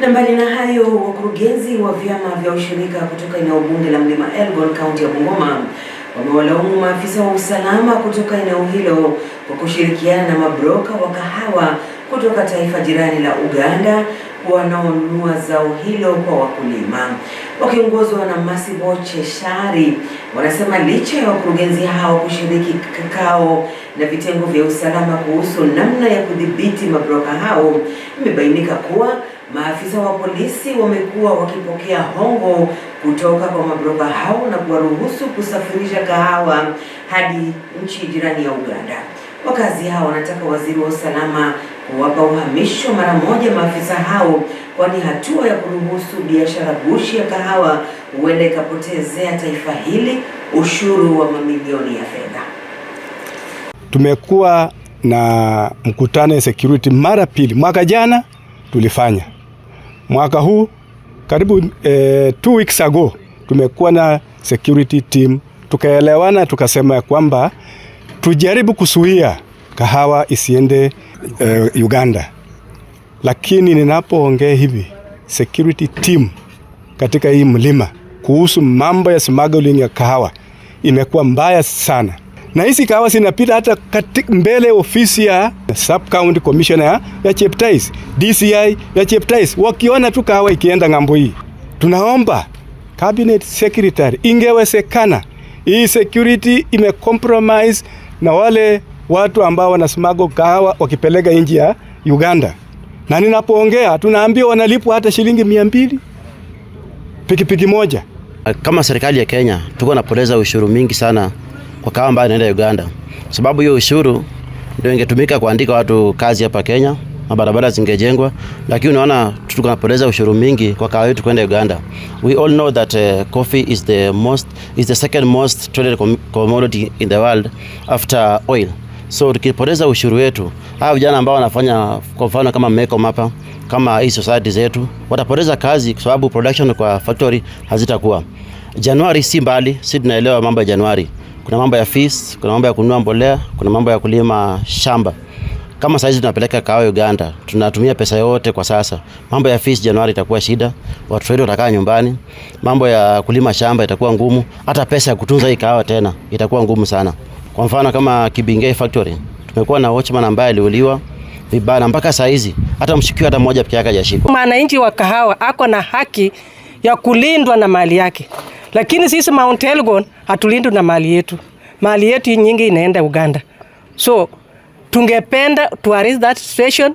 Na mbali na hayo, wakurugenzi wa vyama vya ushirika kutoka eneo bunge la Mlima Elgon kaunti ya Bungoma wamewalaumu maafisa wa usalama kutoka eneo hilo kwa kushirikiana na mabroka wa kahawa kutoka taifa jirani la Uganda wanaonunua zao hilo kwa wakulima. Wakiongozwa na Masibo Cheshari, wanasema licha ya wakurugenzi hao kushiriki kikao na vitengo vya usalama kuhusu namna ya kudhibiti mabroka hao, imebainika kuwa Maafisa wa polisi wamekuwa wakipokea hongo kutoka kwa mabroka hao na kuwaruhusu kusafirisha kahawa hadi nchi jirani ya Uganda. Wakazi hao wanataka waziri wa usalama kuwapa uhamisho mara moja maafisa hao, kwani hatua ya kuruhusu biashara gushi ya kahawa huenda ikapotezea taifa hili ushuru wa mamilioni ya fedha. Tumekuwa na mkutano ya security mara pili, mwaka jana tulifanya Mwaka huu karibu eh, two weeks ago tumekuwa na security team tukaelewana, tukasema ya kwamba tujaribu kusuia kahawa isiende eh, Uganda, lakini ninapoongea hivi security team katika hii mlima kuhusu mambo ya smuggling ya kahawa imekuwa mbaya sana na hizi kawa zinapita hata katika mbele ofisi ya sub county commissioner ya Cheptais, DCI ya Cheptais, wakiona tu kawa ikienda ng'ambo hii. Tunaomba cabinet secretary, ingewezekana hii security imecompromise na wale watu ambao wanasimago kawa wakipeleka nje ya Uganda, na ninapoongea tunaambiwa wanalipwa hata shilingi mia mbili pikipiki moja. Kama serikali ya Kenya tuko napoteza ushuru mingi sana kwa kawa ambayo inaenda Uganda, sababu hiyo ushuru ndio ingetumika kuandika watu kazi hapa Kenya na barabara zingejengwa, lakini unaona tunapoteza ushuru mingi kwa kawa yetu kwenda Uganda. We all know that uh, coffee is the most is the second most traded commodity in the world after oil. So tukipoteza ushuru wetu, hawa vijana ambao wanafanya kwa mfano kama Meko hapa kama hii society zetu watapoteza kazi kwa sababu production kwa factory hazitakuwa. Januari si mbali, si tunaelewa mambo ya Januari kuna mambo ya fees, kuna mambo ya kununua mbolea, kuna mambo ya kulima shamba. Kama saizi tunapeleka kahawa Uganda, tunatumia pesa yote kwa sasa. Mambo ya fees Januari itakuwa shida, watu wetu watakaa nyumbani. Mambo ya kulima shamba itakuwa ngumu, hata pesa ya kutunza hii kahawa tena itakuwa ngumu sana. Kwa mfano kama Kibingei factory, tumekuwa na watchman ambaye aliuliwa vibaya na mpaka saizi, hata mshukiwa hata mmoja peke yake hajashikwa. Mwananchi wa kahawa ako na haki ya kulindwa na mali yake lakini sisi Mount Elgon hatulindwi na mali yetu, mali yetu nyingi inaenda Uganda, so tungependa to arrest that situation